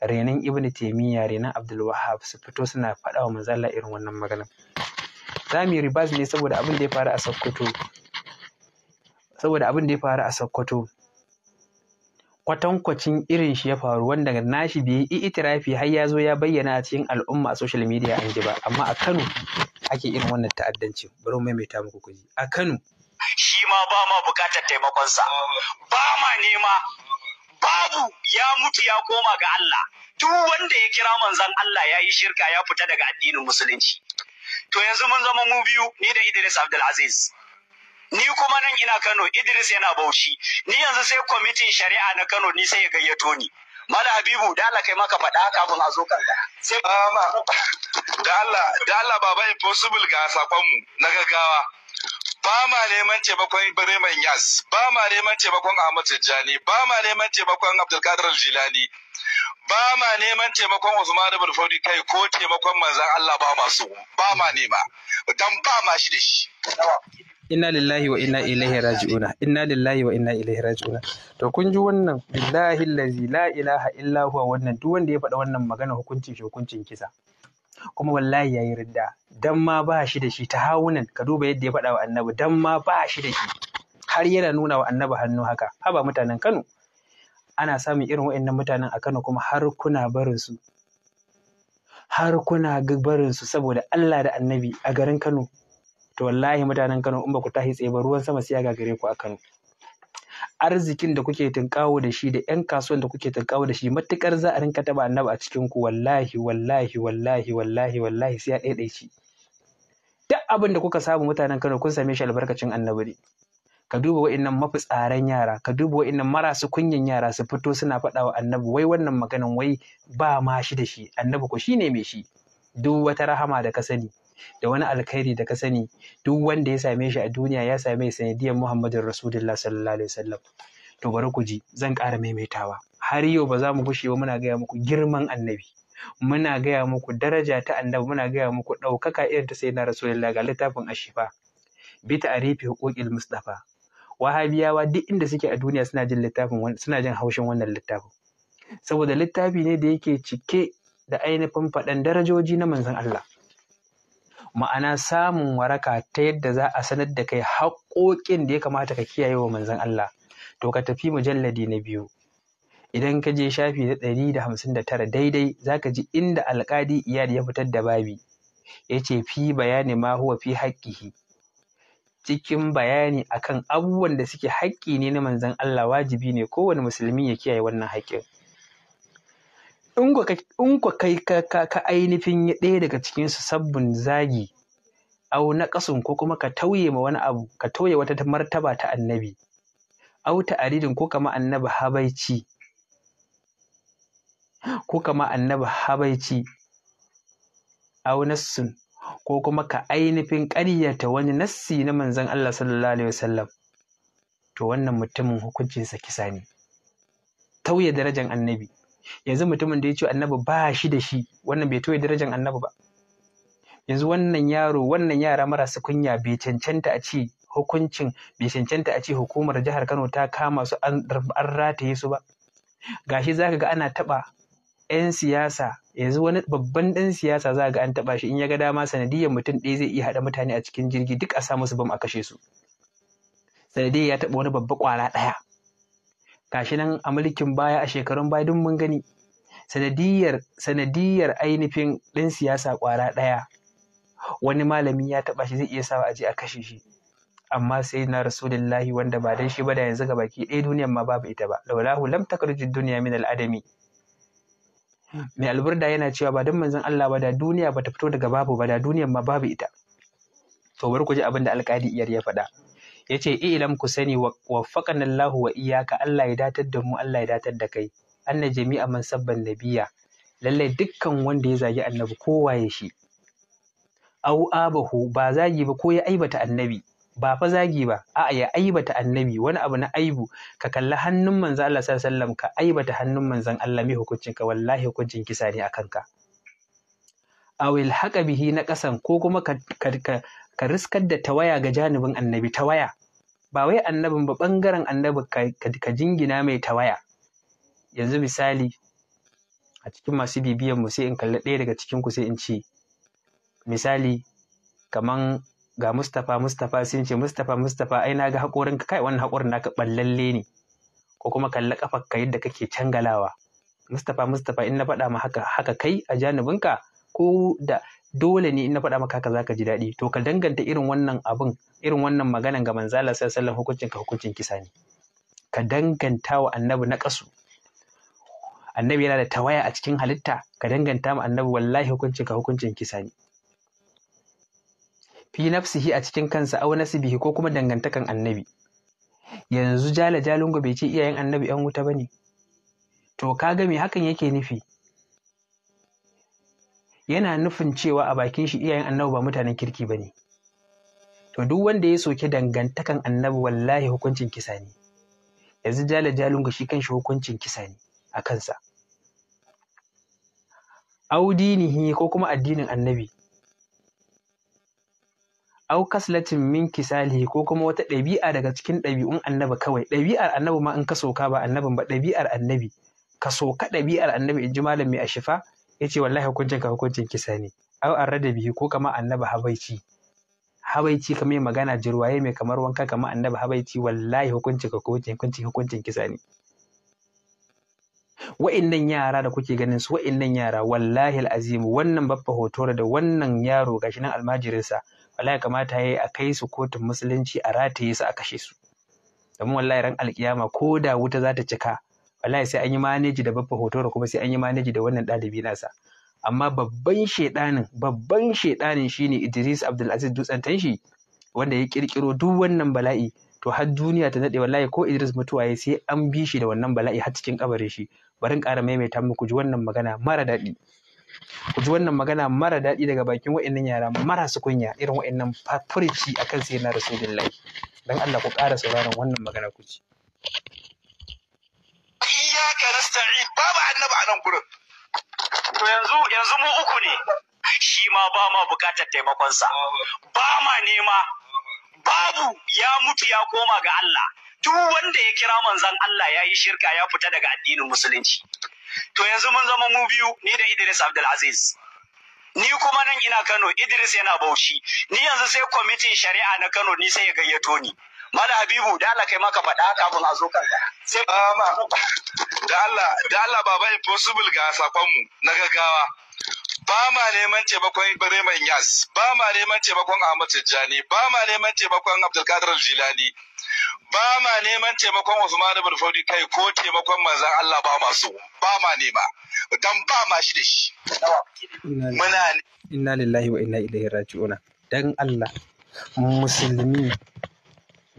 Renan ibn renan renon abdulwahab su fito suna faɗa wa irin wannan magana za mu yi ribas ne saboda abin da ya faru a Sokoto saboda abin da ya faru a Sokoto kwatankwacin irin shi ya faru wanda nashi bai yi itirafi har ya zo ya bayyana a cikin al'umma a social media an ji ba amma a Kano ake irin wannan ta'addanci bari mu maimaita muku kuji a Kano shi ma ba ma bukatar taimakonsa ba ma nema babu ya mutu ya koma ga Allah duk wanda ya kira manzon Allah ya yi shirka ya fita daga addinin musulunci to yanzu mun zama mu biyu ni da Idris Abdulaziz ni kuma nan ina Kano Idris yana Bauchi ni yanzu sai kwamitin shari'a na Kano ni sai ya gayyato ni Mala Habibu da Allah kai maka faɗa kafin a zo kanka sai ah, da Allah da Allah baba impossible ga sakon mu na gaggawa ba ma neman taimakon Ibrahim Yas, ba ma neman taimakon Ahmad Tijjani, ba ma neman taimakon Abdulkadir Jilani, ba ma neman taimakon Usman ibn Fodi kai ko taimakon manzan Allah ba masu ba ma nema dan ba ma shi da shi. Inna lillahi wa inna ilaihi raji'una inna lillahi wa inna ilaihi raji'una to kun ji wannan lillahi allazi la ilaha illa huwa wannan duk wanda ya faɗa wannan magana hukuncin shi hukuncin kisa kuma wallahi yayi ridda dan ma ba shi da shi ta hawunan ka duba yadda ya faɗa wa annabi dan ma ba shi da shi har yana nuna wa annabi hannu haka haba mutanen Kano ana samun irin wa'annan mutanen a Kano kuma har kuna barin su har kuna barin su saboda Allah da annabi a garin Kano to wallahi mutanen Kano in ba ku tashi tsaye ba ruwan sama sai ya gagare ku a Kano arzikin da kuke tunkawo da shi da 'yan kasuwan da kuke tunkawo da shi matukar za a rinka taba annabi a cikin ku wallahi wallahi wallahi wallahi wallahi sai ya ɗaiɗaici duk abin da kuka samu mutanen Kano kun same shi albarkacin annabi ne ka duba mafi mafitsaran yara ka duba waɗannan marasu kunyan yara su fito suna faɗa wa annabi wai wannan maganan wai ba ma shi da shi annabi ko ne mai shi duk wata rahama da ka sani da wani alkhairi da ka sani duk wanda ya same shi a duniya ya same sanadiyar Muhammadu Rasulullah sallallahu alaihi wasallam to bari ku ji zan ƙara maimaitawa har yau ba za mu gushe ba muna gaya muku girman annabi muna gaya muku daraja ta annabi muna gaya muku ɗaukaka irin ta sayyidina rasulullah ga littafin ashifa bi arifi huquqil mustafa wahabiyawa duk inda suke a duniya suna jin littafin suna jin haushin wannan littafin saboda littafi ne da yake cike da ainihin faɗan darajoji na manzon Allah ma'ana samun waraka ta yadda za a sanar da kai haƙoƙin da ya kamata ka kiyaye wa manzon Allah to ka tafi mujalladi na biyu idan ka je shafi na ɗari da hamsin da tara daidai za ka ji inda alƙadi iyali ya fitar da babi ya ce fi bayani ma huwa fi haƙƙihi cikin bayani akan abubuwan da suke haƙƙi ne na manzon Allah wajibi ne kowane musulmi ya kiyaye wannan haƙƙin in ko kai ka ainihin ɗaya daga cikin su sabbin zagi au naqasun ko kuma ka tauye ma wani abu ka tauye wata martaba ta annabi au aridin ko kama annabi habaici ko kama annabi habaici aw nassun ko kuma ka ainihin ƙaryata wani nassi na manzon Allah sallallahu alaihi wasallam to wannan mutumin hukuncinsa kisa ne tauye darajar annabi yanzu mutumin da ya ce annabi ba shi da shi wannan bai tauye darajar annabi ba yanzu wannan yaro wannan yara marasa kunya bai cancanta a ce hukuncin bai cancanta a ce hukumar jihar Kano ta kama su an rataye su ba gashi zaka ga ana taɓa 'yan siyasa yanzu wani babban ɗan siyasa za ga an taɓa shi in ya ga dama sanadiyar mutum ɗaya zai iya haɗa mutane a cikin jirgi duk a sa musu bam a kashe su sanadiyar ya taɓa wani babba ƙwara ɗaya gashi nan a mulkin baya a shekarun baya duk mun gani sanadiyar sanadiyar ainihin ɗan siyasa ƙwara ɗaya wani malami ya taɓa shi zai iya sawa a je a kashe shi amma sai na rasulullahi wanda ba dan shi ba da yanzu ga baki ɗaya duniyar ma babu ita ba laulahu lam takarjud duniya min al'adami mai alburda yana cewa ba don manzon Allah ba da duniya ba ta fito daga babu ba da duniyar ma babu ita to bari ku ji abin da alƙadi iyar ya faɗa yace ilam ku sani waffaqana Allah wa iyyaka Allah ya datar da mu Allah ya datar da kai anna jami'a man sabban nabiya. lallai dukkan wanda ya zagi annabi kowa ya shi au abahu ba zagi ba ko ya aibata annabi ba fa zagi ba a'a ya aibata annabi wani abu na aibu ka kalli hannun manzo Allah sallallahu alaihi wasallam ka aibata hannun manzon Allah mai hukuncin ka wallahi hukuncin kisa ne akan ka awil haqa bihi na kasan ko kuma ka ka riskar da tawaya ga janibin annabi tawaya ba wai annabin ba bangaren annabi ka jingina mai tawaya yanzu misali a cikin masu bibiyan mu sai in kalli ɗaya daga cikin ku sai in ce misali kaman ga Mustapha Mustapha sun ce Mustapha Mustapha ai naga haƙorin ka kai wannan haƙorin naka ballalle ne ko kuma kalla kafar ka yadda kake cangalawa Mustapha Mustapha in na faɗa ma haka haka kai a janibinka ko da dole ne in na faɗa maka haka zaka ji daɗi to ka danganta irin wannan abin irin wannan maganan ga manzala sallallahu alaihi hukuncin ka hukuncin kisa ne ka danganta wa annabi na ƙasu annabi yana da tawaya a cikin halitta ka danganta ma annabi wallahi hukuncin ka hukuncin kisa ne fi nafsihi a cikin kansa aw nasibihi ko kuma dangantakan annabi yanzu jala jalungo bai ce iyayen annabi yan wuta ba bane to kaga me hakan yake nufi yana nufin cewa a bakin shi iyayen annabi ba mutanen kirki ba ne. to duk wanda ya soke dangantakan annabi wallahi hukuncin kisa ne yanzu jala jalungo shi kanshi hukuncin kisa ne a kansa audinihi ko kuma addinin annabi Aukas kaslatin min kisalihi ko kuma wata ɗabi'a daga cikin ɗabi'un annabi kawai ɗabi'ar annabi ma in ka soka ba annabin ba ɗabi'ar annabi ka soka ɗabi'ar annabi in ji malam mai ashifa ya ce wallahi hukuncin ka hukuncin kisa ne an rada bihi ko kama annabi habaici habaici kamar magana jirwaye mai kamar wanka kama annabi habaici wallahi hukuncin ka hukuncin kisa ne wa'innan yara da kuke ganin su wa'innan yara wallahi al'azim wannan babba hoto da wannan yaro gashi nan almajirinsa wallahi kamata yayi a kai su kotun musulunci a rataye su a kashe su domin wallahi ran alkiyama ko da wuta za ta cika wallahi sai an yi maneji da babba da kuma sai an yi maneji da wannan ɗalibi nasa amma babban shedanin babban shedanin shine Idris Abdulaziz Dutsen Tanshi wanda ya kirkiro duk wannan bala'i to har duniya ta nade wallahi ko Idris mutuwa ya sai an bi shi da wannan bala'i har cikin kabarin shi barin ƙara maimaita muku ji wannan magana mara daɗi ku ji wannan magana mara daɗi daga bakin wa'annan yara su kunya irin wa'annan fafurci akan sai na rasulullahi dan Allah ku ƙara sauraron wannan magana ku ci iyyaka nasta'in babu annabi a nan gurin to yanzu yanzu mu uku ne shi ma ba ma bukatar sa ba ma nema babu ya mutu ya koma ga Allah duk wanda ya kira manzon Allah ya yi shirka ya fita daga addinin musulunci to yanzu mun zama mu biyu ni da Idris Abdulaziz ni kuma nan ina Kano Idris yana Bauchi ni yanzu sai kwamitin shari'a na Kano ni sai ya gayyato ni Mala Habibu da Allah kai maka faɗa kafin a zo kanka. Sai ah, da Allah da Allah baba impossible ga sakon mu na gaggawa. ba ma neman taimakon Bremen Yas, ba ma neman taimakon Ahmad Tijjani, ba ma neman taimakon Abdulkadir Jilani, ba ma neman taimakon Usman ibn Fawdi kai ko taimakon manzan Allah ba ma so, ba ma nema, dan ba ma shi da shi. Muna inna lillahi wa inna ilaihi raji'un. Dan Allah musulmi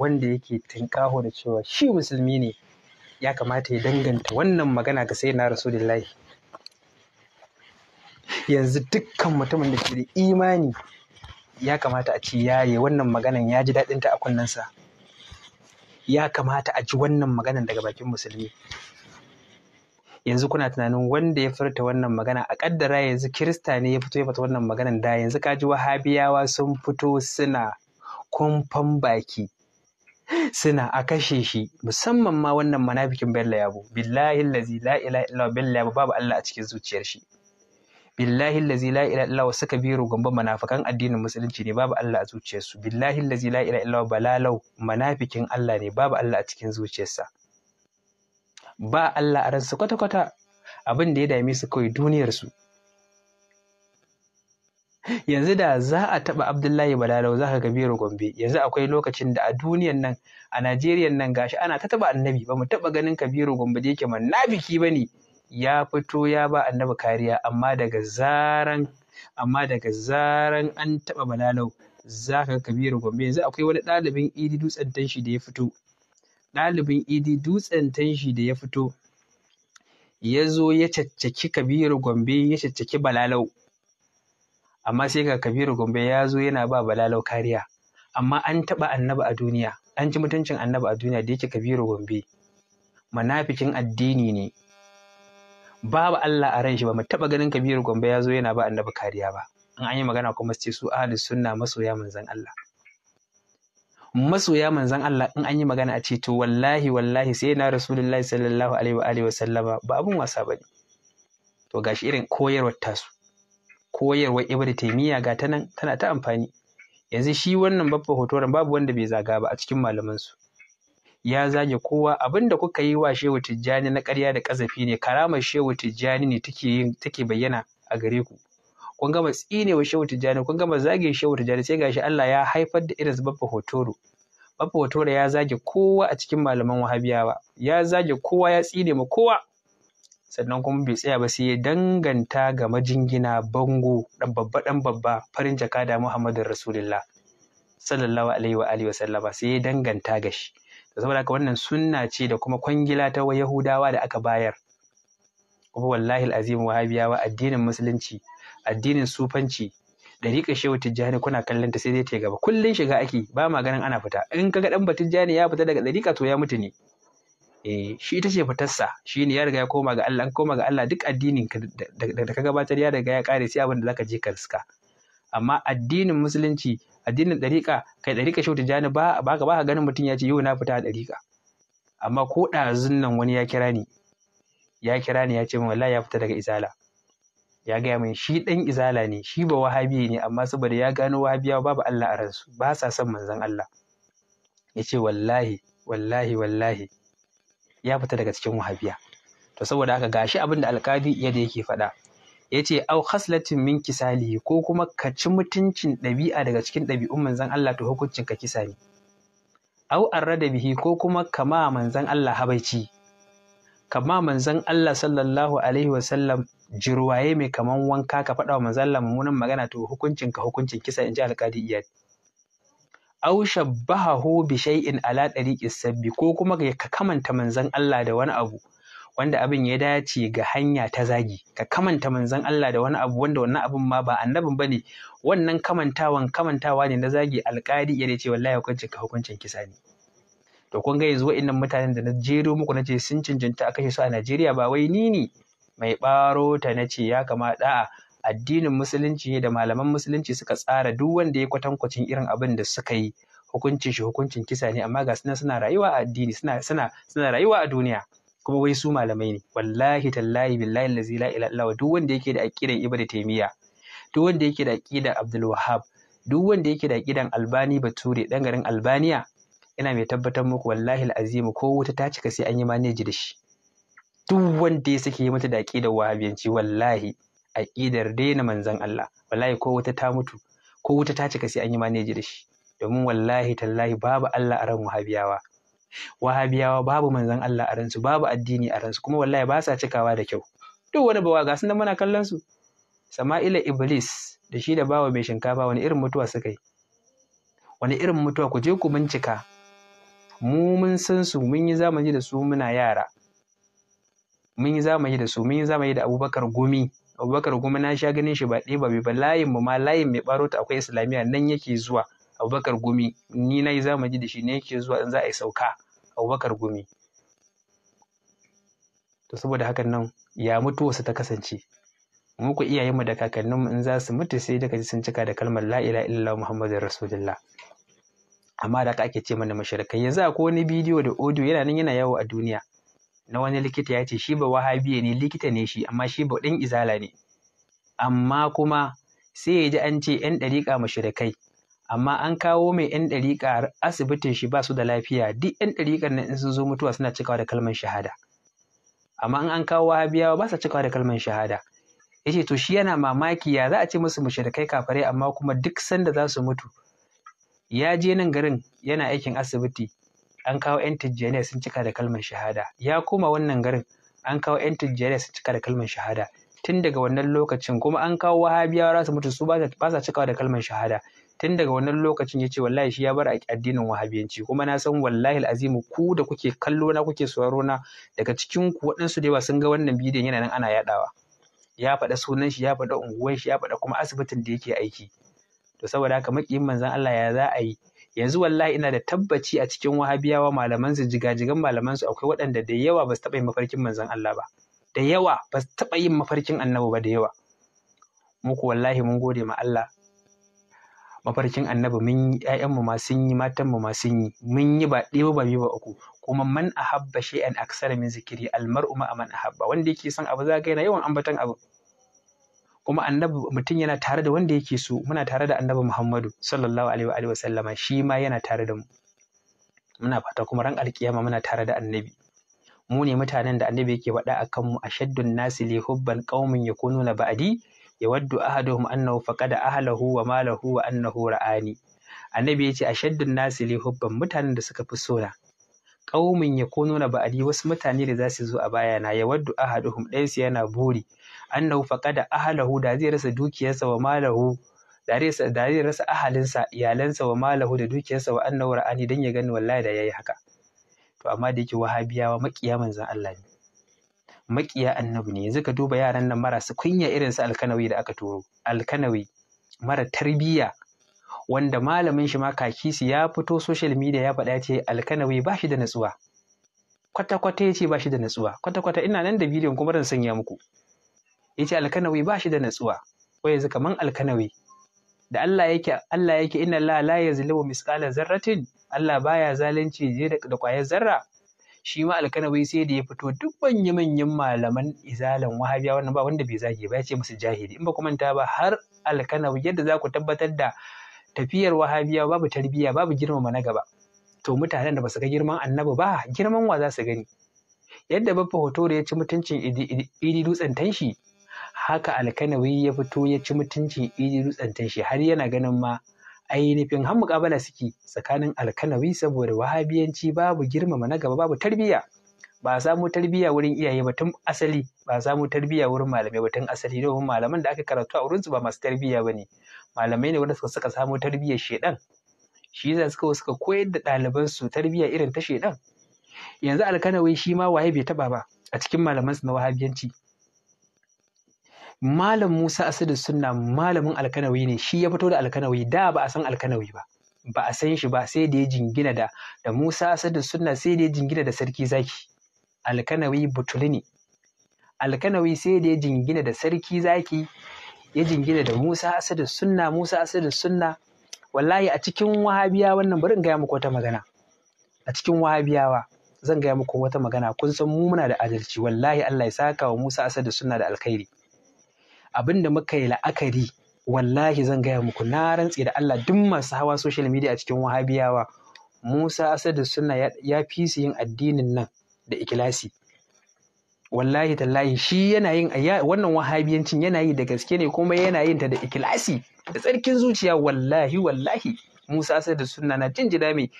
wanda yake tinkaho da cewa shi musulmi ne ya kamata ya danganta wannan magana ga sayyidina na rasulullahi yanzu dukkan mutumin da ke da imani ya kamata a ce yaye wannan maganan ya ji daɗin ta a sa, ya kamata a ji wannan maganan daga bakin musulmi yanzu kuna tunanin wanda ya furta wannan magana a ƙaddara yanzu kirista ne ya fito ya fata wannan maganan da yanzu kaji wahabiyawa sun fito suna kumfan baki suna a kashe shi musamman ma wannan manafikin bello yabo billahi lazi la ila illa bello yabo babu Allah a cikin zuciyar shi billahi allazi la ilaha illa suka biro gombe munafikan addinin musulunci ne babu Allah a zuciyarsu billahi allazi la ilaha illa balalau manafikin Allah ne babu Allah a cikin zuciyarsa ba Allah a ransu kwata kwata abin da ya dame su kawai duniyar su yanzu da za a taba Abdullahi Balalau za ka ga gombe yanzu akwai lokacin da a duniyar nan a Najeriya nan gashi ana ta taba annabi ba mu taɓa ganin Kabiru Gombe da yake manafiki ne. ya fito ya ba annabi kariya amma daga zaran amma daga zaran an taɓa balalau za ka kabiru gombe yanzu akwai wani ɗalibin idi dutsen tanshi da ya fito ɗalibin idi dutsen tanshi da ya fito ya zo ya caccaki kabiru gombe ya caccaki balalau amma sai ga kabiru gombe ya zo yana ba balalau kariya amma an taɓa annabi a duniya an ci mutuncin annabi a duniya da yake kabiru gombe manafikin addini ne babu Allah a ran shi ba mu taba ganin Kabiru Gombe ya zo yana ba annabi kariya ba in an yi magana kuma su ce su ahlus sunna masoya manzon Allah masoya manzon Allah in an yi magana a ce to wallahi wallahi sai na rasulullahi sallallahu alaihi wa alihi wa sallama ba abun wasa bane to gashi irin koyarwar tasu koyarwar ibnu Taymiyyah ga ta nan tana ta amfani yanzu shi wannan babban hotoran babu wanda bai zaga ba a cikin malaman su ya zage kowa abin da kuka yi wa shehu tijjani na ƙarya da ƙazafi ne karamar shehu tijjani ne take yin bayyana a gare ku kun gama tsinewa shehu tijjani kun gama zage shehu tijjani sai gashi Allah ya haifar da irin babba hotoro babba hotoro ya zage kowa a cikin malaman wahabiyawa ya zage kowa ya tsine ma kowa sannan kuma bai tsaya ba sai ya danganta ga majingina bango dan babba dan babba farin jaka, da Muhammadu Rasulullah sallallahu alaihi wa alihi wa sallama sai ya danganta ga shi saboda haka wannan sunna ce da kuma kwangila ta yahudawa da aka bayar kuma wallahi azim wahabiyawa addinin musulunci addinin sufanci dariƙa shehu tijjani kuna kallon ta sai zai tai gaba kullun shiga ake ba ma ganin ana fita in ka kaga dan batijjani ya fita daga dariƙa to ya mutu ne eh shi ita ce fitarsa shi ne ya riga ya koma ga Allah an koma ga Allah duk addinin da ka gabatar ya riga ya kare sai abin da zaka je ka riska amma addinin musulunci addinin ɗariƙa kai ɗariƙa shi wata ba ba ka ba ka ganin mutum ya ce yau na fita a ɗariƙa amma ko ɗazun nan wani ya kira ni ya kira ni ya ce min wallahi ya fita daga izala ya gaya min shi ɗan izala ne shi ba wahabi ne amma saboda ya gano Wahabiya ba, babu Allah a ransu ba sa son manzon Allah ya ce wallahi wallahi wallahi ya fita daga cikin wahabiya to saboda haka gashi abin da alƙadi yadda yake faɗa ya ce au haslatin min kisali ko kuma ka ci mutuncin ɗabi'a daga cikin ɗabi'un manzan Allah to hukuncin ka kisa ne au arrada bihi ko kuma kama manzan Allah habaici kama manzan Allah sallallahu alaihi wasallam jirwaye mai kaman wanka ka faɗa wa manzan Allah mummunan magana to hukuncin ka hukuncin kisa in ji alƙadi iyad au shabbahahu bi shay'in ala dariqis sabbi ko kuma ka kamanta manzan Allah da wani abu wanda abin ya dace ga hanya ta zagi ka kamanta manzon Allah da wani abu wanda wannan abin ma ba annabin bane wannan kamantawan kamantawa ne na zagi alƙali ya ce wallahi hukuncin ka hukuncin kisa ne to kun ga yanzu wa'annan mutanen da na jero muku na ce sun cancanta a kashe su a Najeriya ba wai ni ne mai ɓaro ta na ce ya kamata a addinin musulunci da malaman musulunci suka tsara duk wanda ya kwatankwacin irin abin da suka yi hukuncin shi hukuncin kisa ne amma ga suna suna rayuwa a addini suna suna suna rayuwa a duniya kuma wai su malamai ne wallahi tallahi billahi allazi la ilaha illallah duk wanda yake da aqidan ibnu taymiya duk wanda yake da aqidan abdul wahhab duk wanda yake da aqidan albani bature dan garin albaniya ina mai tabbatar muku wallahi alazim ko wuta ta cika sai an yi manage da shi duk wanda ya sake yi mata da aƙidar wahabiyanci wallahi aƙidar daina manzon Allah wallahi ko wuta ta mutu ko wuta ta cika sai an yi manage da shi domin wallahi tallahi babu Allah a ran wahabiyawa wahabiyawa babu manzon Allah a ransu babu addini a ransu kuma wallahi ba sa cikawa da kyau duk wani bawa ga sun muna kallon su Sama'ila Iblis da shi da bawa mai shinkafa wani irin mutuwa suka yi wani irin mutuwa ku je ku bincika mu mun san su mun yi zamani da su muna yara mun yi zamani da su mun yi zamani da Abubakar Gumi Abubakar Gumi na sha ganin shi ba ɗiba ba layin mu ma layin mai ɓaro akwai Islamiyya nan yake zuwa abubakar gumi ni na yi zamani da shi ne yake zuwa in za a yi sauka abubakar gumi to saboda hakan nan ya mutuwarsa ta kasance mu ku iyayenmu da kakanninmu in za su mutu sai daga sun cika da kalmar la ilaha illallah muhammadur rasulullah amma da ake ce mana mushrikai yanzu ko wani bidiyo da audio yana nan yana yawo a duniya na wani likita ya ce shi ba wahabiya ne likita ne shi amma shi ba dan izala ne amma kuma sai ya ji an ce yan dariƙa mashirikai amma an kawo mai yan ɗariƙa asibitin shi ba su da lafiya duk yan ɗariƙar nan in sun zo mutuwa suna cikawa da kalmar shahada amma in an kawo wahabiyawa ba su cikawa da kalmar shahada yace to shi yana mamaki ya za a ce musu mushrikai kafare amma kuma duk sanda za su mutu ya je nan garin yana aikin asibiti an kawo yan tijjaniya sun cika da kalmar shahada ya koma wannan garin an kawo yan tijjaniya sun cika da kalmar shahada tun daga wannan lokacin kuma an kawo wahabiyawa za su mutu su ba sa cikawa da kalmar shahada tun daga wannan lokacin ya ce wallahi shi ya bar addinin wahabiyanci kuma na san wallahi azimu ku da kuke kallo na kuke sauraro na daga cikin ku waɗansu da yawa sun ga wannan bidiyon yana nan ana yaɗawa ya faɗa sunan shi ya faɗa unguwan shi ya faɗa kuma asibitin da yake aiki to saboda haka makiyin manzon Allah ya za a yi yanzu wallahi ina da tabbaci a cikin wahabiyawa malaman su jigajigan malaman su akwai waɗanda da yawa ba su taɓa yin mafarkin manzon Allah ba da yawa ba su taɓa yin mafarkin annabi ba da yawa muku wallahi mun gode ma Allah mafarkin annabi mun yi ƴaƴanmu ma sun yi mu ma sun yi mun yi ba ɗaya ba biyu ba uku kuma man ahabba shay'an aksara min zikiri almar'u a man ahabba wanda yake son abu zaka yana yawan ambaton abu kuma annabi mutum yana tare da wanda yake so muna tare da annabi Muhammadu sallallahu alaihi wa alihi wasallama shi ma yana tare da mu muna fata kuma ran alkiyama muna tare da annabi mu ne mutanen da annabi yake faɗa akan mu ashaddun nasi li hubban qaumin yakununa ba'di yawaddu ahaduhum annahu faqada ahlahu wa malahu wa annahu ra'ani annabi yace ashaddun nasi li hubban mutanen da suka fi sona ya qaumin na ba'di wasu mutane da za su zo a bayana yawaddu ahaduhum ɗayansu yana buri annahu faqada ahlahu da zai rasa dukiyarsa wa malahu da zai rasa ahalinsa iyalansa wa malahu da dukiyarsa wa annahu ra'ani dan ya gani wallahi da yayi haka to amma da yake wahabiyawa makiya manzon Allah ne maƙiya annabi ne yanzu ka duba yaran nan marasa kunya irin su alkanawi da aka turo alkanawi mara tarbiyya wanda malamin shi ma kaki su ya fito social media ya faɗa ce alkanawi ba shi da natsuwa kwata-kwata ya ce ba shi da natsuwa kwata-kwata ina nan da bidiyon kuma ran sanya muku ya ce alkanawi ba shi da natsuwa ko yanzu kaman alkanawi da Allah yake Allah yake inna la la yazlimu misqala zarratin Allah baya zalunci je da kwayar zarra shi ma alkanawi sai da ya fito duk manya manyan malaman izalan wahabiya wannan ba wanda bai zage ba ya ce musu jahili in ba ku manta ba har alkanawi yadda za ku tabbatar da tafiyar wahabiya babu tarbiyya babu girmama na gaba to mutanen da ba su ga girman annabi ba girman wa za su gani yadda babba hoto da ya ci mutuncin idi dutsen tanshi haka alkanawi ya fito ya ci mutuncin idi dutsen tanshi har yana ganin ma ainihin har muƙabala suke tsakanin alkanawi saboda wahabiyanci babu girmama na gaba babu tarbiyya ba a samu tarbiyya wurin iyaye ba tun asali ba a samu tarbiyya wurin malamai ba tun asali domin malaman da aka karatu a wurinsu ba masu tarbiyya ba ne malamai ne wanda suka saka samu tarbiyyar shedan shi yasa suka suka koyar da ɗalibansu tarbiyya irin ta shedan yanzu alkanawi shi ma waye bai taba ba a cikin malamansu na wahabiyanci malam Musa Asadu Sunna malamin alkanawi ne shi ya fito da alkanawi da ba a san alkanawi ba ba a san shi ba sai da ya jingina da da Musa Asadu Sunna sai da ya jingina da sarki zaki alkanawi butuli ne alkanawi sai da ya jingina da sarki zaki ya jingina da Musa Asadu Sunna Musa Asadu Sunna wallahi a cikin wahabiya wannan bari in gaya muku wata magana a cikin wahabiyawa zan gaya muku wata magana kun san mu muna da adalci wallahi Allah ya saka wa Musa Asadu Sunna da alkhairi abin da muka yi la'akari wallahi zan gaya muku na rantse da Allah duk masu hawa social media a cikin wahabiyawa Musa Asadu suna ya fi su yin addinin nan da ikilasi wallahi tallahi shi yana yin wannan wahabiyancin yana yi da gaske ne kuma yana yin ta da ikilasi da tsarkin zuciya wallahi wallahi Musa Asadu suna na jinjina mai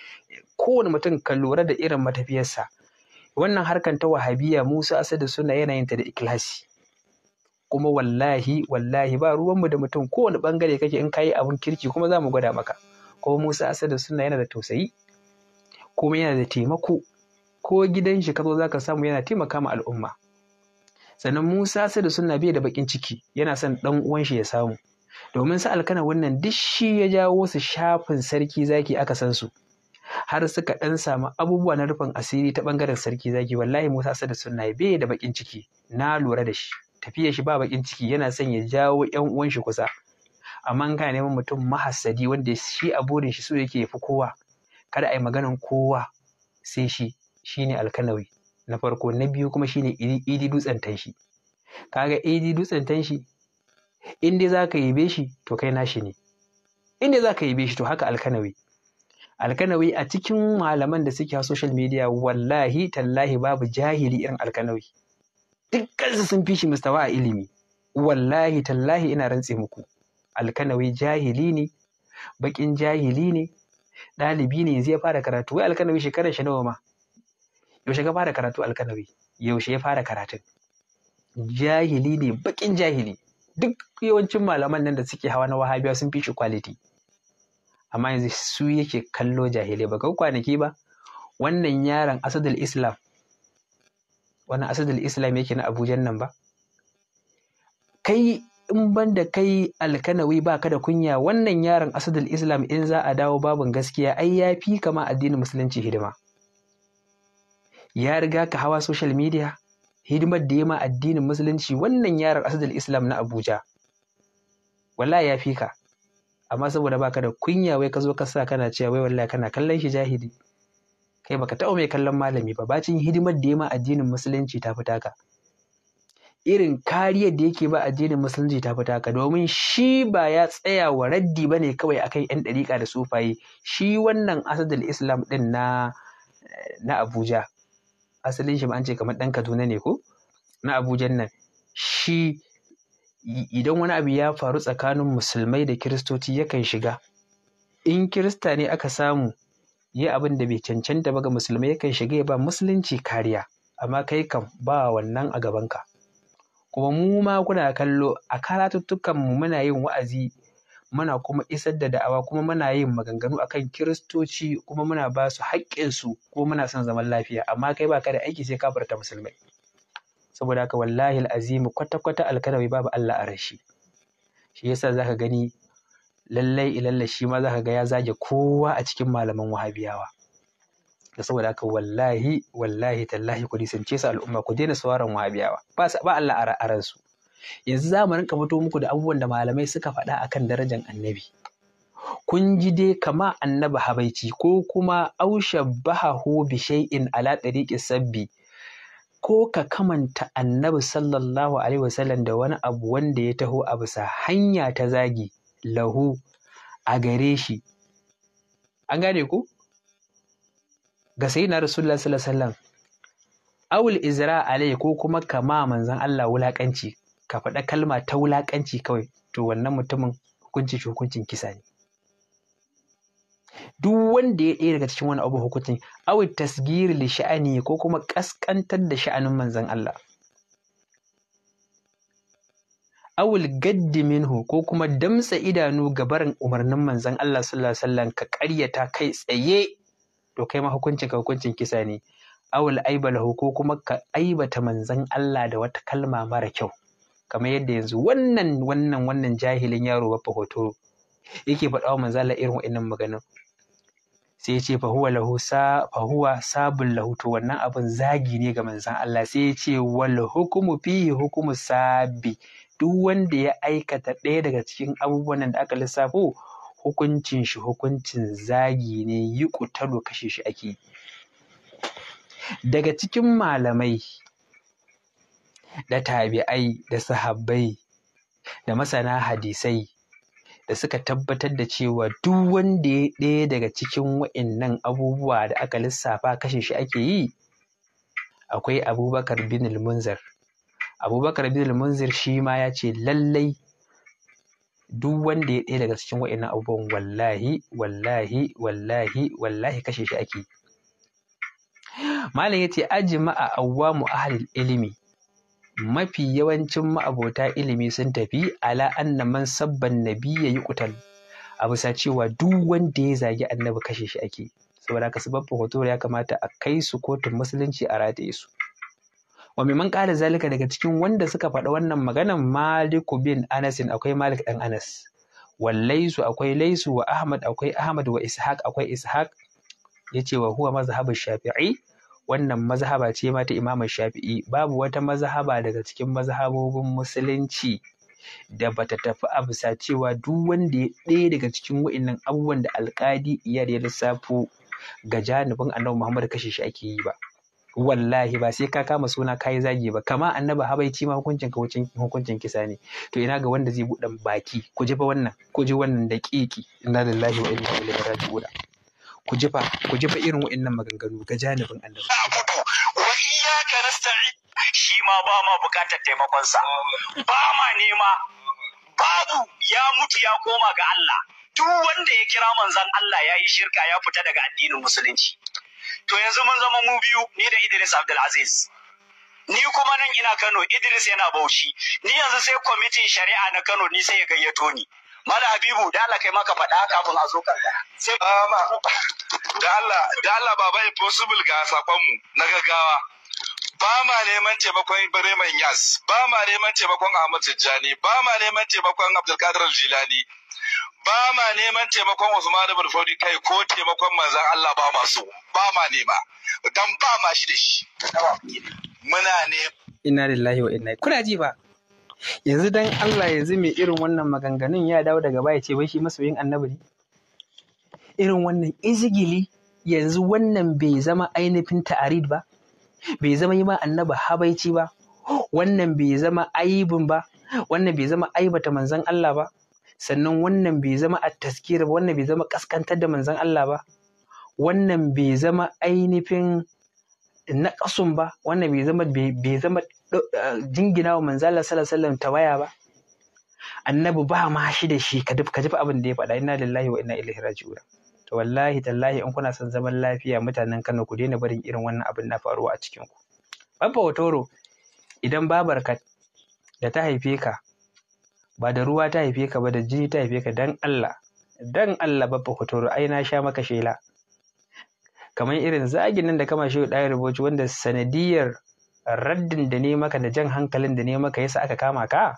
kowane mutum ka lura da irin matafiyarsa wannan harkan ta wahabiya Musa Asadu suna yana yin ta da ikilasi kuma wallahi wallahi ba ruwanmu da mutum kowane bangare kake in kayi abin kirki kuma za mu gwada maka kuma musa da suna yana da tausayi kuma yana da taimako ko gidan shi ka zo za samu yana taimaka ma al'umma sannan musa da suna bai da bakin ciki yana son dan uwan shi ya samu domin sa alkana wannan duk shi ya jawo su shafin sarki zaki aka san su har suka ɗan samu abubuwa na rufin asiri ta bangaren sarki zaki wallahi musa da suna bai da bakin ciki na lura da shi tafiyar shi ba bakin ciki yana son ya jawo ƴan uwan shi kusa amma in kana neman mutum mahassadi wanda shi a burin shi so yake fi kowa kada a yi maganan kowa sai shi shine alkanawi na farko na biyu kuma shine idi dutsen tanshi kaga idi dutsen tanshi in dai zaka yabe shi to kai nashi ne in dai zaka yabe shi to haka alkanawi alkanawi a cikin malaman da suke a social media wallahi tallahi babu jahili irin alkanawi dukkansu sun fi shi mustawa a ilimi wallahi tallahi ina rantse muku alkanawi jahili ne bakin jahili ne ɗalibi ne yanzu ya fara karatu wai alkanawi shekarar shi nawa ma yaushe ka fara karatu alkanawi yaushe ya fara karatun jahili ne bakin jahili duk yawancin malaman nan da suke hawa na wahabiya sun fi shi kwaliti. amma yanzu su yake kallo jahilai ba kwanaki ba wannan yaron asadul islam wani asadul islam yake na abujan nan ba kai in banda da kai alkanawi ba ka da kunya wannan yaron asadul islam in za a dawo babin gaskiya ai ya fi kama addinin musulunci hidima ya riga ka hawa social media hidimar da ya ma addinin musulunci wannan yaron asadul islam na abuja wallahi ya fi ka amma saboda baka da kunya wai ka zo ka sa kana cewa wai wallahi kana kallon shi jahili kai baka taɓa mai kallon malami ba bacin hidimar da ya ma addinin musulunci ta fi taka irin kariyar da yake ba addinin musulunci ta fi taka domin shi ba ya tsaya wa raddi ba ne kawai akan yan ɗariƙa da sufaye shi wannan asadul islam ɗin na na abuja asalin shi ba an ce kamar ɗan kaduna ne ko na abujan nan shi idan wani abu ya faru tsakanin musulmai da kiristoci yakan shiga in kirista ne aka samu yi abin da bai cancanta ba ga musulmai yakan shiga ya ba musulunci kariya amma kai kam ba wannan a gaban ka. kuma mu ma kuna kallo a karatuttukan mu muna yin wa'azi muna kuma isar da da'awa kuma muna yin maganganu akan kiristoci kuma muna ba su haƙƙinsu kuma muna son zaman lafiya amma kai ba ka da aiki sai ka farta musulmai saboda haka wallahi al'azimu kwata-kwata alkanawi babu Allah a rashi shi yasa zaka gani lallai ilalla shi ma za ka ga ya zage kowa a cikin malaman wahabiyawa da saboda haka wallahi wallahi tallahi ku disance su al'umma ku daina sauraron wahabiyawa ba ba Allah a ra'aran su yanzu za mu rinka fito muku da abubuwan da malamai suka faɗa akan darajar annabi kun ji dai kama annabi habaici ko kuma aushe bahahu bi shay'in ala tariqi sabbi ko ka kamanta annabi sallallahu alaihi wasallam da wani abu wanda ya taho a bisa hanya ta zagi lahu a gare shi an gane ku ga sai na rasulullah sallallahu alaihi wasallam awul izra alai ko kuma kama manzon Allah wulakanci ka faɗa kalma ta wulakanci kawai to wannan mutumin hukuncin hukuncin kisa ne duk wanda ya ɗaya daga cikin wani abu hukuncin awul tasgiri li sha'ani ko kuma kaskantar da sha'anin manzon Allah awul gaddi minhu ko kuma damsa idanu ga barin umarnin manzon Allah sallallahu alaihi wasallam ka ƙaryata kai tsaye to kai ma hukuncin ka hukuncin kisa ne awul aibalahu ko kuma ka aibata manzan Allah da wata kalma mara kyau kamar yadda yanzu wannan wannan wannan jahilin yaro babba hoto yake faɗa wa manzon Allah irin wa'annan magana sai ya ce fa huwa lahu sa fa sabul lahu to wannan abin zagi ne ga manzon Allah sai ya ce wal hukmu fihi hukmu sabi duk wanda ya aikata ɗaya daga cikin abubuwan da aka lissafo hukuncin shi hukuncin zagi ne yi ƙutalo kashe shi ake yi. daga cikin malamai da tabi'ai da sahabbai da masana hadisai da suka tabbatar da cewa duk wanda ya ɗaya daga cikin wa'innan abubuwa da aka lissafa kashe shi ake yi akwai abubakar bin munzar abubakar bin munzir shi ma ya ce lallai duk wanda ya ɗaya daga cikin wa'annan abubuwan wallahi wallahi wallahi wallahi kashe shi ake malam ya ce awamu awwamu ahlil ilimi mafi yawancin ma'abota ilimi sun tafi ala anna man sabban nabiyya yuqtal a bisa cewa duk wanda ya zagi annabi kashe shi ake saboda haka sababba hoto ya kamata a kai su kotun musulunci a rataye su wa mimman ƙara zalika daga cikin wanda suka faɗa wannan maganan maliku bin anasin akwai malik ɗan anas laisu akwai laisu wa ahmad akwai ahmad wa ishaq akwai ishaq yace wa huwa mazhabu shafi'i wannan mazhaba ce ma ta imam shafi'i babu wata mazhaba daga cikin mazhabobin musulunci da bata tafi a bisa cewa duk wanda ya ɗaya daga cikin wa'innan abubuwan da alƙadi iyar ya lissafo ga janibin annabi muhammad kashe shi ake yi ba wallahi ba sai ka kama suna kayi zagi ba kama annabi habaici ma hukuncin ka hukuncin kisa ne to ina ga wanda zai buɗe baki ku jifa wannan ku ji wannan daƙiƙi inna lillahi wa inna ilaihi raji'un ku jifa ku jifa irin wa'annan maganganu ga janibin annabi wa iyyaka nasta'in shi ma ba ma buƙatar taimakon sa ba ma nema babu ya mutu ya koma ga Allah duk wanda ya kira manzon Allah ya yi shirka ya fita daga addinin musulunci to yanzu mun zama mu biyu ni da Idris Abdulaziz ni kuma nan ina Kano Idris yana Bauchi ni yanzu sai kwamitin shari'a na Kano ni sai ya gayyato ni Mala Habibu da Allah kai maka faɗa kafin a zo kanka. Sai ah, da Allah da Allah baba impossible ga sakon mu na gaggawa. Ba ma neman taimakon Bremen Yas, ba ma neman taimakon Ahmad Tijjani, ba ma neman taimakon Abdulkadir Jilani, ba ma neman taimakon Usman ibn Fodi kai ko taimakon manzon Allah ba ma so ba ma nema dan ba ma shi da shi muna ne inna lillahi wa inna kuna ji ba yanzu dan Allah yanzu mai irin wannan maganganun ya dawo daga baya ce bai shi masoyin annabi ne irin wannan izigili yanzu wannan bai zama ainihin ta'arid ba bai zama yi ma annabi habaici ba wannan bai zama aibin ba wannan bai zama aibata manzon Allah ba sannan wannan bai zama a taskira ba wannan bai zama kaskantar da manzan Allah ba wannan bai zama ainihin naƙasun ba wannan bai zama bai zama eh, jingina wa manzan Allah sallallahu alaihi wasallam tawaya ba annabi ba ma shi da shi ka ka ji abin da ya faɗa inna lillahi wa inna ilaihi raji'un to wallahi tallahi in kuna son zaman lafiya mutanen Kano ku daina barin irin wannan abin na faruwa a cikin ku babba Otoro idan babarka da ta haife ka ba da ruwa ta haife ka ba da jini ta haife ka dan Allah dan Allah babba toro ai na sha maka shela kamar irin zagin nan da kama shi da rubuci wanda sanadiyar raddin da ne maka da jan hankalin da ne maka yasa aka kama ka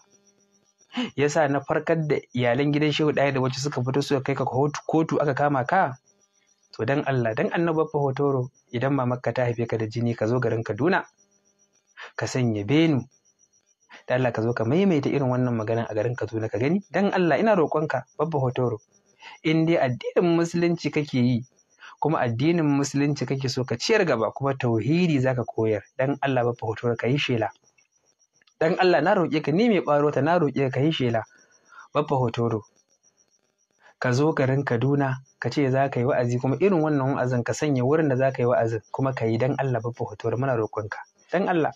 yasa na farkar da iyalan gidan shehu ɗaya da wacce suka fito suka kai ka kotu aka kama ka to dan Allah dan annabi babba hotoro idan mamaka ta haife ka da jini ka zo garin Kaduna ka sanya benu da Allah ka zo ka maimaita irin wannan magana a garin Kaduna ka gani dan Allah ina roƙonka babba hotoro in dai addinin musulunci kake yi kuma addinin musulunci kake so ka ciyar gaba kuma tauhidi zaka koyar dan Allah babba hotoro ka yi shela dan Allah na roƙe ka ni mai ɓaro ta na roƙe ka yi shela babba hotoro ka zo garin Kaduna ka ce za ka yi wa'azi kuma irin wannan wa'azin ka sanya wurin da za ka yi wa'azin kuma ka yi dan Allah babba hotoro muna roƙonka dan Allah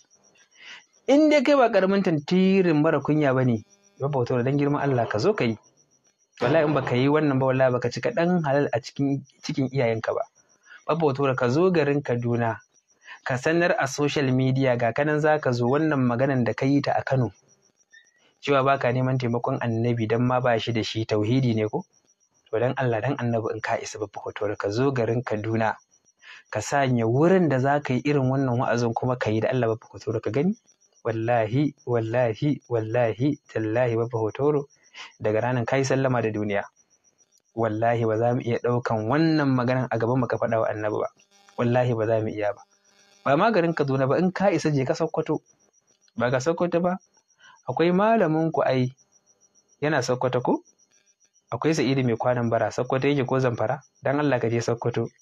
in dai kai ba karamin tantirin mara kunya ba ne ba da dan girman Allah ka zo ka yi wallahi in baka yi wannan ba wallahi baka cika dan halal a cikin cikin iyayenka ba ba da ka zo garin Kaduna ka sanar a social media ga kanan za ka zo wannan maganan da ka yi ta a Kano cewa baka neman taimakon annabi dan ma ba shi da shi tauhidi ne ko to dan Allah dan annabi in ka isa babba hoto ka zo garin Kaduna ka sanya wurin da za ka yi irin wannan wa'azin kuma ka yi da Allah babba hoto ka gani wallahi wallahi wallahi tallahi baba hotoro daga ranar kai sallama da duniya wallahi ba za mu iya ɗaukan wannan maganan a gaban ka faɗa wa annabi ba wallahi ba za mu iya ba ba ma garin Kaduna ba in ka isa je ka Sokoto ba ka Sokoto ba akwai malamin ku ai yana Sokoto ko akwai sa'idi mai kwanan bara Sokoto yake ko Zamfara dan Allah ka je Sokoto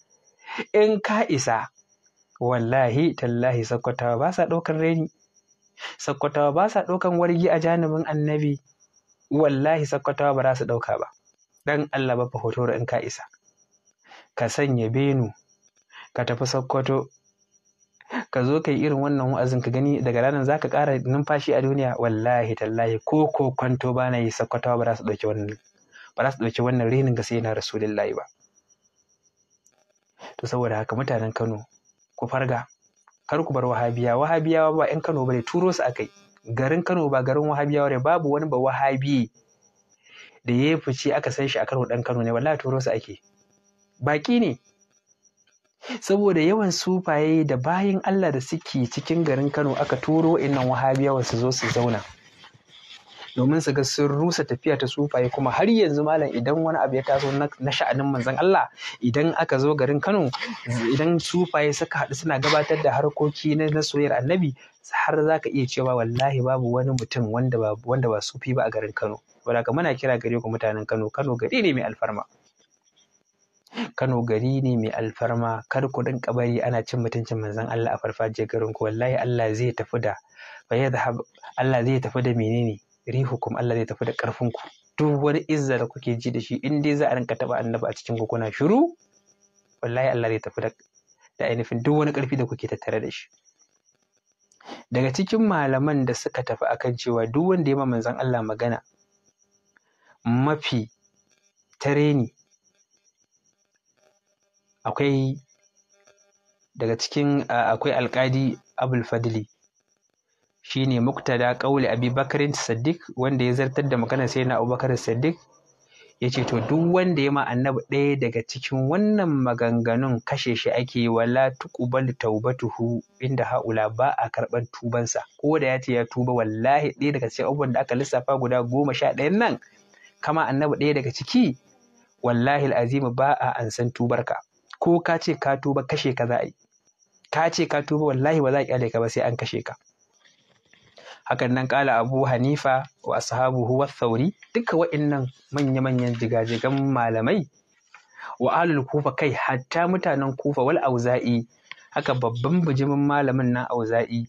in ka isa wallahi tallahi Sokotawa ba sa ɗaukar reni sakkwatawa ba sa ɗaukan wargi a janibin annabi wallahi sakkwatawa ba za su ɗauka ba dan Allah ba hoto in ka isa ka sanya benu ka tafi sakkwato ka zo ka yi irin wannan wa'azin ka gani daga ranar za ka ƙara numfashi a duniya wallahi tallahi ko ko kwanto ba na yi sakkwatawa ba za su ɗauki wannan rinin za su ɗauki wannan ga sai na rasulillahi ba to saboda haka mutanen kano ku farga kar ku bar wahabiya wahabiyawa ba 'yan kano bane turo su akai garin kano ba garin wahabiyawa ne babu wani ba wahabi da ya fice aka san shi a kano dan kano ne wallahi turo su ake baki ne saboda yawan sufaye da bayin allah da suke cikin garin kano aka turo innan wahabiyawa su zo su zauna domin su ga sun rusa tafiya ta sufaye kuma har yanzu malam idan wani abu ya taso na sha'anin manzon Allah idan aka zo garin Kano idan sufaye saka haɗu suna gabatar da harkoki na soyayyar annabi har za ka iya cewa wallahi babu wani mutum wanda ba wanda ba sufi ba a garin Kano wala muna kira gare ku mutanen Kano Kano gari ne mai alfarma Kano gari ne mai alfarma kar ku dinka bari ana cin mutuncin manzon Allah a farfaje garin ku wallahi Allah zai tafi da Allah zai tafi da menene rihukum Allah zai tafi da ƙarfinku duk wani izza da kuke ji da shi in dai za a rinka taɓa annabi a cikin kuna shiru wallahi Allah zai tafi da ainihin duk wani ƙarfi da kuke tattare da shi daga cikin malaman da suka tafi akan cewa duk wanda ya ma manzon Allah magana mafi tareni akwai daga cikin akwai alƙadi abul fadli shine muktada qauli abi bakrin wanda ya zartar da maganar na abubakar Ya yace to duk wanda ya ma annabi ɗaya daga cikin wannan maganganun kashe shi ake wala tuqbal taubatuhu inda haula ba a karɓar tubansa ko da ya ya tuba wallahi ɗaya daga cikin abubuwan da aka lissafa guda goma sha ɗayan nan kama annabi ɗaya daga ciki wallahi azimu ba a ansan tubarka ko ka ce ka tuba kashe ka za a yi ka ce ka tuba wallahi ba za a kyale ka ba sai an kashe ka hakan nan kala abu hanifa wa sahabu huwa thauri duka wa'innan manya-manyan jigajigan malamai wa alul kufa kai hatta mutanen kufa wal auza'i haka babban bijimin malamin nan auza'i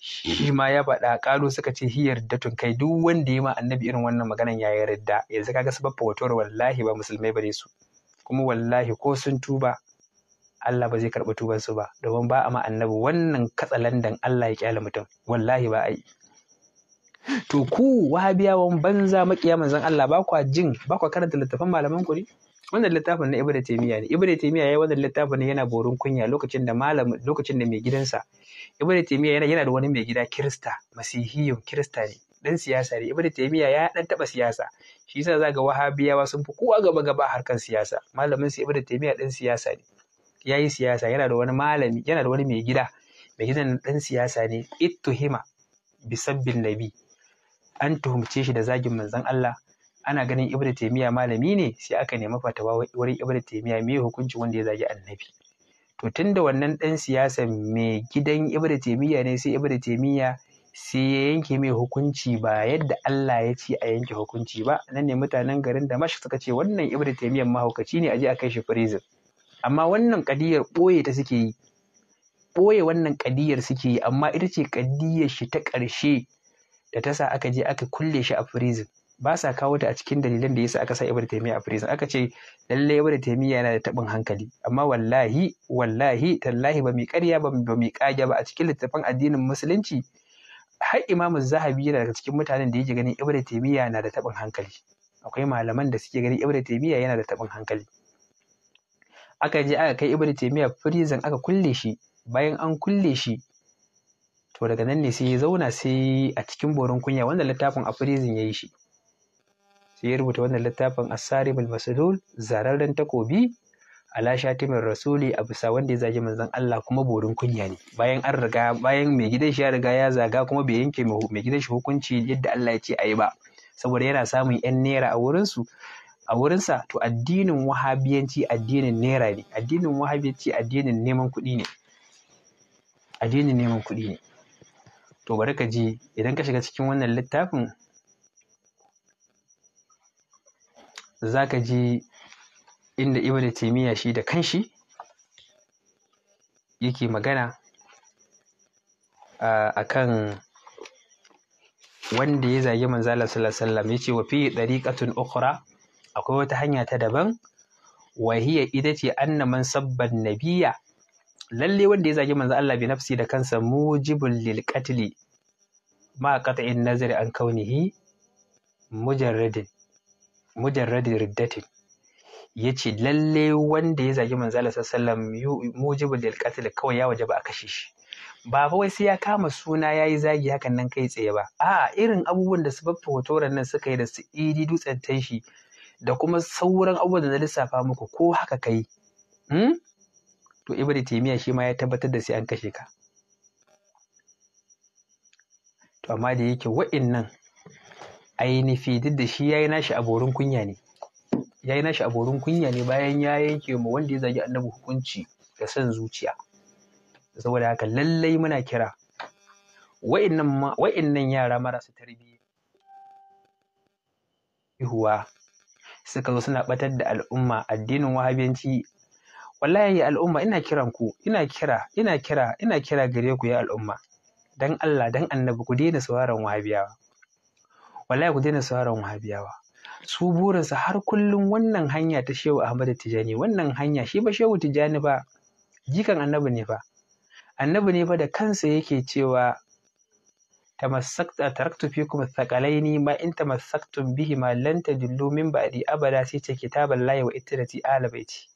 shi ma ya faɗa ƙalu suka ce hiyar tun kai duk wanda ya ma annabi irin wannan maganan ya yarda yanzu kaga su wato wallahi ba musulmai bane su kuma wallahi ko sun tuba Allah ba zai karɓi su ba domin ba a ma annabi wannan katsalandan Allah ya kyale mutum wallahi ba a yi to ku wahabiyawan banza makiya manzon Allah ba kwa jin ba kwa karanta littafin malaman ku ne wannan littafin na Ibnu Taymiyyah ne Ibnu Taymiyyah yayi wannan littafin ne yana borun kunya lokacin da malam lokacin da mai gidansa Ibnu Taymiyyah yana yana da wani mai gida Kirista Masihiyun Kirista ne dan siyasa ne Ibnu Taymiyyah ya dan taba siyasa shi yasa zaga wahabiyawa sun fi kowa gaba gaba harkan siyasa malamin su Ibnu Taymiyyah dan siyasa ne ya yi siyasa yana da wani malami yana da wani mai gida mai gidan dan siyasa ne ittuhima bisabbin nabi an tuhumce shi da zagin manzon Allah ana ganin ibnu taymiya malami ne sai aka nemi fatawa wurin ibnu taymiya me hukunci wanda ya zagi annabi to tunda wannan dan siyasa mai gidan ibnu taymiya ne sai ibnu taymiya sai ya yanke mai hukunci ba yadda Allah ya ce a yanke hukunci ba nan ne mutanen garin mashi suka ce wannan Ibn Taymiyyah mahaukaci ne a je a kai shi prison amma wannan ƙadiyar ɓoye ta suke yi ɓoye wannan ƙadiyar suke yi amma ita ce ƙadiyar shi ta ƙarshe da ta sa aka je aka kulle shi a prison ba sa kawo ta a cikin dalilan da yasa aka sa ibada taymiya a prison aka ce lallai ibada taymiya yana da taɓin hankali amma wallahi wallahi tallahi ba mai ƙarya ba ba ƙage ba a cikin littattafan addinin musulunci har imamu zahabi yana daga cikin mutanen da yake ganin ibada taymiya na da taɓin hankali akwai malaman da suke ganin ibada taymiya yana da taɓin hankali aka je aka kai ibnu taymiya prison aka kulle shi bayan an kulle shi to daga nan ne sai ya zauna sai a cikin borin kunya wanda littafin a prison ya yi shi sai ya rubuta wannan littafin asaribul masulul zararren takobi ala shatimin rasuli a bisa wanda ya zagi manzon Allah kuma borin kunya ne bayan an riga bayan mai gidan shi ya riga ya zaga kuma bai yanke mai gidan shi hukunci yadda Allah ya ce a yi ba saboda yana samun yan naira a wurin su a wurinsa to addinin wahabiyanci addinin naira ne addinin wahabiyanci addinin neman kuɗi ne addinin neman kuɗi ne to bari ka ji idan ka shiga cikin wannan littafin za ka ji inda ibn taimiyya shi da kanshi yake magana a ah, kan wanda ya zagi manzala sallallahu alaihi wasallam yace wa fi dariqatun ukhra akwai wata hanya ta daban wahiya ita ce anna man sabban nabiyya lalle wanda ya zagi manzo Allah bi nafsi da kansa mujibul lil qatli ma qata'in nazari an kaunihi mujarradin mujarradin riddatin yace lalle wanda ya zagi manzo Allah sallallahu alaihi wasallam mujibul lil kawai ya wajaba a kashe shi ba wai sai ya kama suna ya yi zagi hakan nan kai tsaye ba a irin abubuwan da su babba hotoran nan suka yi da su idi dutsen tashi da kuma sauran abubuwan da na lissafa muku ko haka kai hmm? to ibn taymiya shi ma ya tabbatar da sai an kashe ka to amma da yake wa'innan ainihi duk da shi yayi nashi aborin kunya ne yayi nashi aborin kunya ne bayan ya yanke mu wanda ya zagi annabi hukunci da son zuciya saboda haka lallai muna kira wa'innan yara marasa tarbiyya ihuwa suka zo suna batar da al'umma addinin wahabiyanci wallahi al'umma ina kiran ku ina kira ina kira ina kira gare ku ya al'umma dan Allah dan annabi ku daina sauraron wahabiyawa wallahi ku daina sauraron wahabiyawa su burinsa har kullum wannan hanya ta shehu Ahmadu Tijani wannan hanya shi ba shehu Tijani ba jikan annabi ne fa annabi ne fa da kansa yake cewa tamassakta taraktu fikum thaqalaini ma in tamassaktum ma lan tadillu min ba'di abada sai ce kitaballahi wa ittirati ala baiti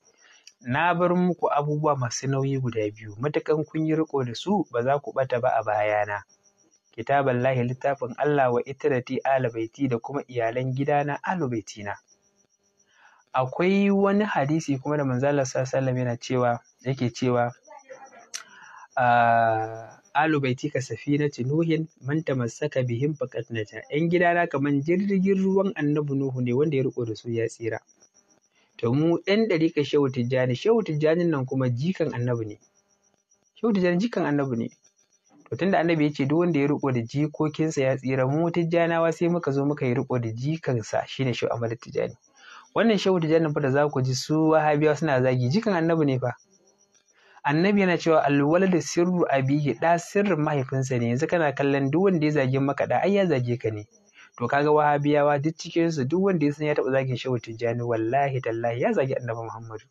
na bar muku abubuwa masu nauyi guda biyu matukan kun yi riko da su ba za ku bata ba a bayana kitaballahi littafin Allah wa itirati ala baiti da kuma iyalan gidana alu baitina akwai wani hadisi kuma da manzo Allah sallallahu alaihi wasallam yana cewa yake cewa ah, alu baitika safinati nuhin man masaka bihim na ta. yan gidana kaman jirgin ruwan annabu nuhu ne wanda ya riko da su ya tsira to mu ɗari dariƙa shehu tijjani shehu tijjanin nan kuma jikan annabu ne shehu tijjani jikan annabu ne to tunda annabi ya ce duk wanda ya riko da jikokinsa ya tsira mu tijjanawa sai muka zo muka yi riko da jikansa shine shehu Amadu tijjani wannan shehu tijjani fa da za ku ji su wahabiyawa suna zagi jikan annabu ne fa annabi yana cewa alwala da sirru abihi da sirrin mahaifinsa ne yanzu kana kallon duk wanda ya zage maka da ai ya zage ka ne to kaga wahabiyawa duk cikin su duk wanda ya san ya taɓa zagin shehu tijjani wallahi tallahi ya zagi annabi muhammadu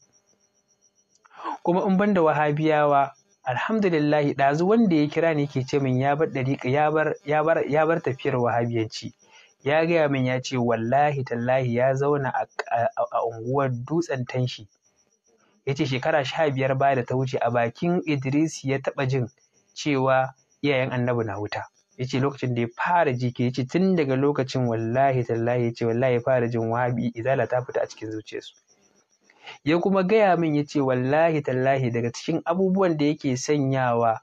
kuma in banda wahabiyawa alhamdulillahi ɗazu wanda ya kira ni yake ce min ya bar ya bar tafiyar wahabiyanci ya gaya min ya ce wallahi tallahi ya zauna a unguwar dutsen tanshi ya ce shekara sha biyar baya da ta wuce a bakin idris ya taɓa jin cewa iyayen annabi na wuta ya ce lokacin da ya fara ji ke ce tun daga lokacin wallahi tallahi ya ce wallahi ya fara jin wahabi izala ta fita a cikin zuciyarsu ya kuma gaya min ya ce wallahi tallahi daga cikin abubuwan da yake sanyawa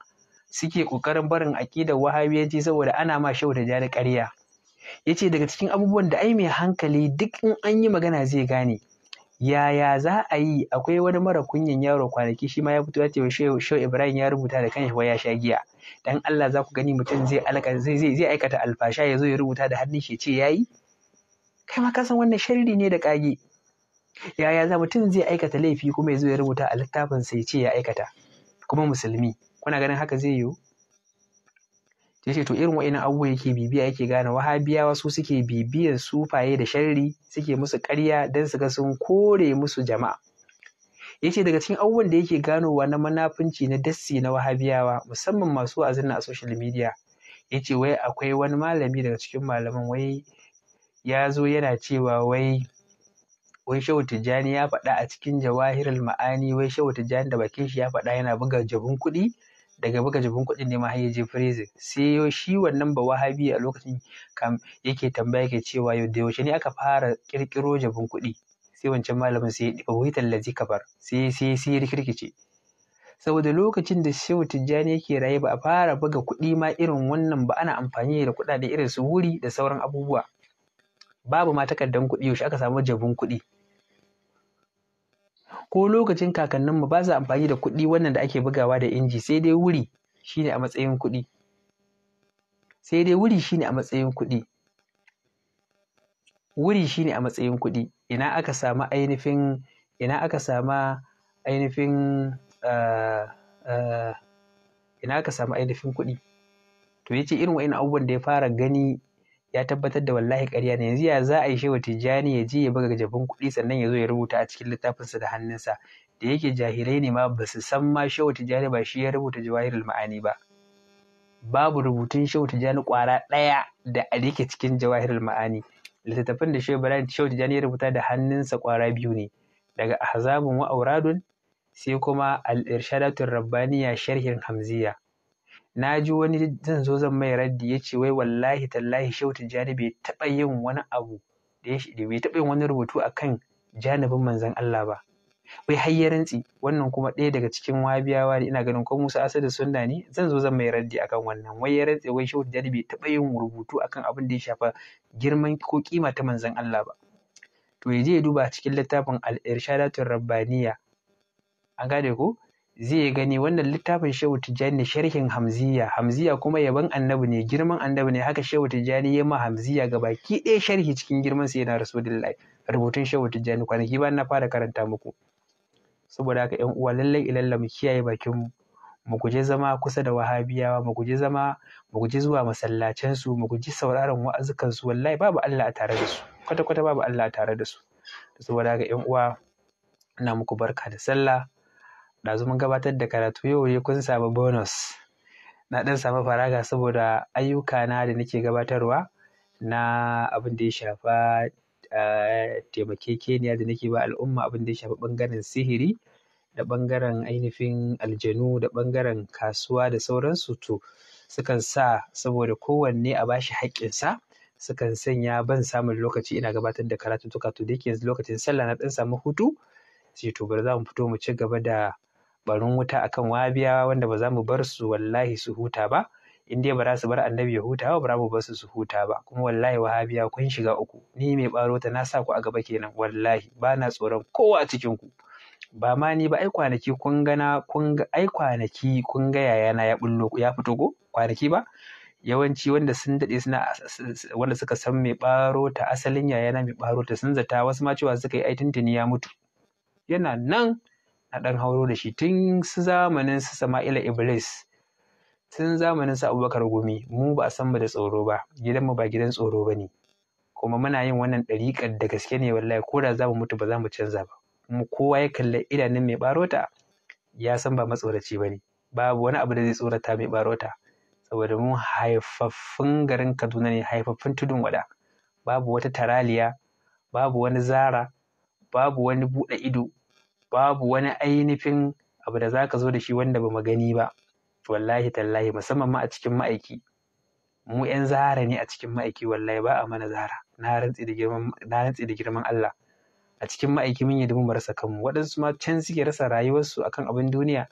suke ƙoƙarin barin aƙidar wahabiyanci saboda ana ma shau da jari ƙarya ya ce daga cikin abubuwan da ai mai hankali duk in an yi magana zai gane yaya za a yi akwai wani mara kunyan yaro kwanaki shi ma ya fito ya ce shehu ibrahim ya rubuta da kanshi wai ya sha giya dan Allah za ku gani mutum zai aikata alfasha ya zo ya rubuta da hannun shi ya ce yayi kai ma ka san wannan sharri ne da kage yaya za mutum zai aikata laifi kuma ya zo ya rubuta a littafin sai ya ce ya aikata kuma musulmi kuna ganin haka zai yiwu sai ce to irin wa'inan abubuwa yake bibiya yake gane wahabiyawa su suke bibiyan sufaye da sharri suke musu ƙarya don su ga sun kore musu jama'a yace daga cikin abubuwan da yake ganowa na manafinci na dassi na wahabiyawa musamman masu wa'azin a social media yace wai akwai wani malami daga cikin malaman wai ya zo yana cewa wai wai shehu tijjani ya faɗa a cikin jawahirul ma'ani wai shehu tijjani da bakin shi ya faɗa yana buga jabun kuɗi daga buga jabin kuɗi ne ma har ya je prison sai shi wannan ba wahabi a lokacin kam yake tambaya yake cewa yau da yaushe ne aka fara kirkiro jabin kuɗi sai wancan malamin sai ya ɗiba wutar lazi kafar sai sai sai ya rikirkice saboda lokacin da shehu tijjani yake raye ba a fara buga kuɗi ma irin wannan ba ana amfani da kuɗaɗe irin su wuri da sauran abubuwa babu ma takardar kuɗi yaushe aka samu jabin kuɗi ko lokacin kakannin mu ba su amfani da kuɗi wannan da ake bugawa da inji sai dai wuri shine a matsayin kuɗi sai dai wuri shine a matsayin kuɗi wuri shine a matsayin kuɗi ina aka samu ainihin ina aka samu ainihin eh, eh, ina aka samu ainihin kuɗi to yace irin wa'in abubuwan da ya fara gani ya tabbatar da wallahi ƙarya ne yanzu ya za a yi shewa tijjani ya je ya buga jabin kuɗi sannan ya zo ya rubuta a cikin littafinsa da hannunsa da yake jahilai ne ma ba su san ma shewa tijjani ba shi ya rubuta jawahirul ma'ani ba babu rubutun shewa tijjani ƙwara ɗaya da a yake cikin jawahirul ma'ani littattafan da shewa tijjani ya rubuta da hannunsa ƙwara biyu ne daga ahzabun wa auradun sai kuma al-irshadatur rabbaniya sharhin hamziya na ji wani zan zo zan mai raddi ya ce wai wallahi tallahi shehu tijjani bai taɓa yin wani abu da bai taɓa yin wani rubutu akan janibin manzon Allah ba wai har ya rantsi wannan kuma ɗaya daga cikin wabiyawa ne ina ganin ko Musa Asadu sunna ne zan zo zan mai raddi akan wannan wai ya rantsi wai shehu tijjani bai taɓa yin rubutu akan abin da ya shafa girman ko kima ta manzon Allah ba to ya je ya duba cikin littafin al irshadatul rabbaniya an gane ko zai gani wannan littafin shehu tijjani sharhin hamziya hamziya kuma yaban annabi ne girman annabi ne haka shehu tijjani ya ma hamziya ga baki ɗaya sharhi cikin girman sa yana rasulullahi rubutun shehu tijjani kwanaki ba na fara karanta muku saboda haka ƴan uwa lallai ilalla mu kiyaye bakin mu mu guji zama kusa da wahabiyawa mu guji zama mu guji zuwa masallacen su mu guji sauraron wa'azukan su wallahi babu Allah a tare da su kwata kwata babu Allah a tare da su saboda haka ƴan uwa ina muku barka da sallah ɗazu mun gabatar da karatu yau ne kun samu bonus na ɗan samu faraga saboda ayyuka na da nake gabatarwa na abin da ya shafa taimakekeniya da nake ba al'umma abin da ya shafa ɓangaren sihiri da ɓangaren ainihin aljanu da ɓangaren kasuwa da sauransu to sukan sa saboda kowanne a bashi haƙƙinsa sukan sanya ban samun lokaci ina gabatar da karatuttuka to da yake yanzu lokacin sallah na ɗan samu hutu sai to bari za mu fito mu ci gaba da barin wuta akan wabiyawa wanda ba za mu bar su wallahi su huta ba in dai ba za su bar annabi ya huta ba ba za mu bar su su huta ba kuma wallahi wahabiya kun shiga uku ni mai baro ta na sa ku a gaba kenan wallahi ba na tsoron kowa a cikin ku ba ma ni ba ai kwanaki kun na kun ga ai kwanaki kun ga yayana ya bullo ya fito ko kwanaki ba yawanci wanda sun dade suna wanda suka san mai baro ta asalin yayana mai baro ta sun zata wasu ma cewa suka yi ai tuntuni ya mutu yana nan na ɗan hauro da shi tun su zamanin su sama'ila iblis tun zamanin su abubakar gumi mu ba a san mu da tsoro ba gidan mu ba gidan tsoro ba ne kuma muna yin wannan ɗariƙar da gaske ne wallahi ko da za mu mutu ba za mu canza ba kuma kowa ya kalli idanun mai barota ya san ba matsoraci ba ne babu wani abu da zai tsorata mai barota saboda mu haifaffun garin kaduna ne haifaffun tudun wada babu wata taraliya babu wani zara babu wani buɗe ido babu wani ainihin abu da zaka zo da shi wanda ba mu gani ba wallahi tallahi musamman ma a cikin ma'aiki mu 'yan zara ne a cikin ma'aiki wallahi ba a mana zara na rantsi da girman Allah a cikin ma'aiki mun yadda mu rasa kanmu waɗansu ma can suke rasa rayuwarsu akan abin duniya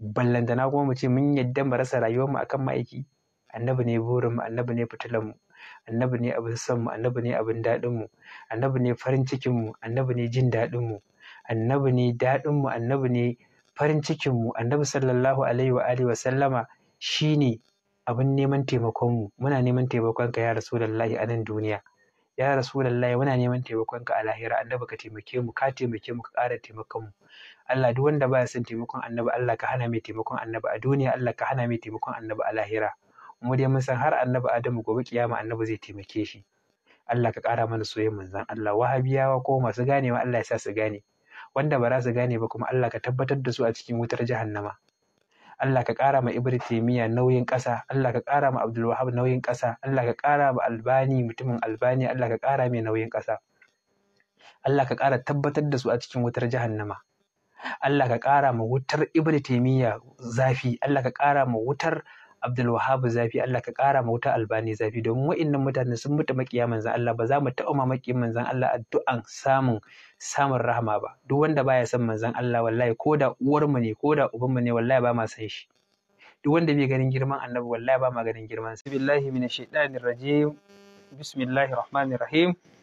ballantana kuma mu ce mun yadda mu rasa rayuwarmu akan ma'aiki annabi ne burinmu annabi ne fitilanmu annabi ne abin mu annabi ne abin daɗinmu annabi ne farin cikinmu annabi ne jin daɗinmu annabi ne daɗinmu annabi ne farin cikinmu annabi sallallahu alaihi wa alihi wa sallama shine abin neman taimakonmu muna neman taimakonka ya rasulullahi a nan duniya ya rasulullahi muna neman taimakonka a lahira annabi ka taimake mu ka taimake mu ka ƙara taimakon mu Allah duk wanda baya son taimakon annabi Allah ka hana mai taimakon annabi a duniya Allah ka hana mai taimakon annabi a lahira mu dai mun san har annabi Adamu gobe kiyama annabi zai taimake shi Allah ka ƙara mana mun manzon Allah wahabiyawa ko masu ganewa Allah ya sa su gane wanda ba za su gane ba kuma Allah ka tabbatar da su a cikin wutar jahannama Allah ka ƙara ma Ibrahim taimiyya nauyin ƙasa Allah ka ƙara ma Abdul Wahab nauyin ƙasa Allah ka ƙara ma Albani mutumin Albani Allah ka ƙara mai nauyin ƙasa Allah ka ƙara tabbatar da su a cikin wutar jahannama Allah ka ƙara ma wutar Ibrahim taimiyya zafi Allah ka ƙara ma wutar Abdul zafi Allah ka ƙara ma wuta albani zafi domin wa'innan mutane sun mutu makiya manzon Allah ba za mu taɓa mamakin manzon Allah addu'an samun samun rahama ba duk wanda baya son manzon Allah wallahi ko da uwarmu ne ko da mu ne wallahi ba ma san shi duk wanda bai ganin girman annabi wallahi ba ma ganin girman sa billahi minash shaitanir rajim bismillahir rahmanir rahim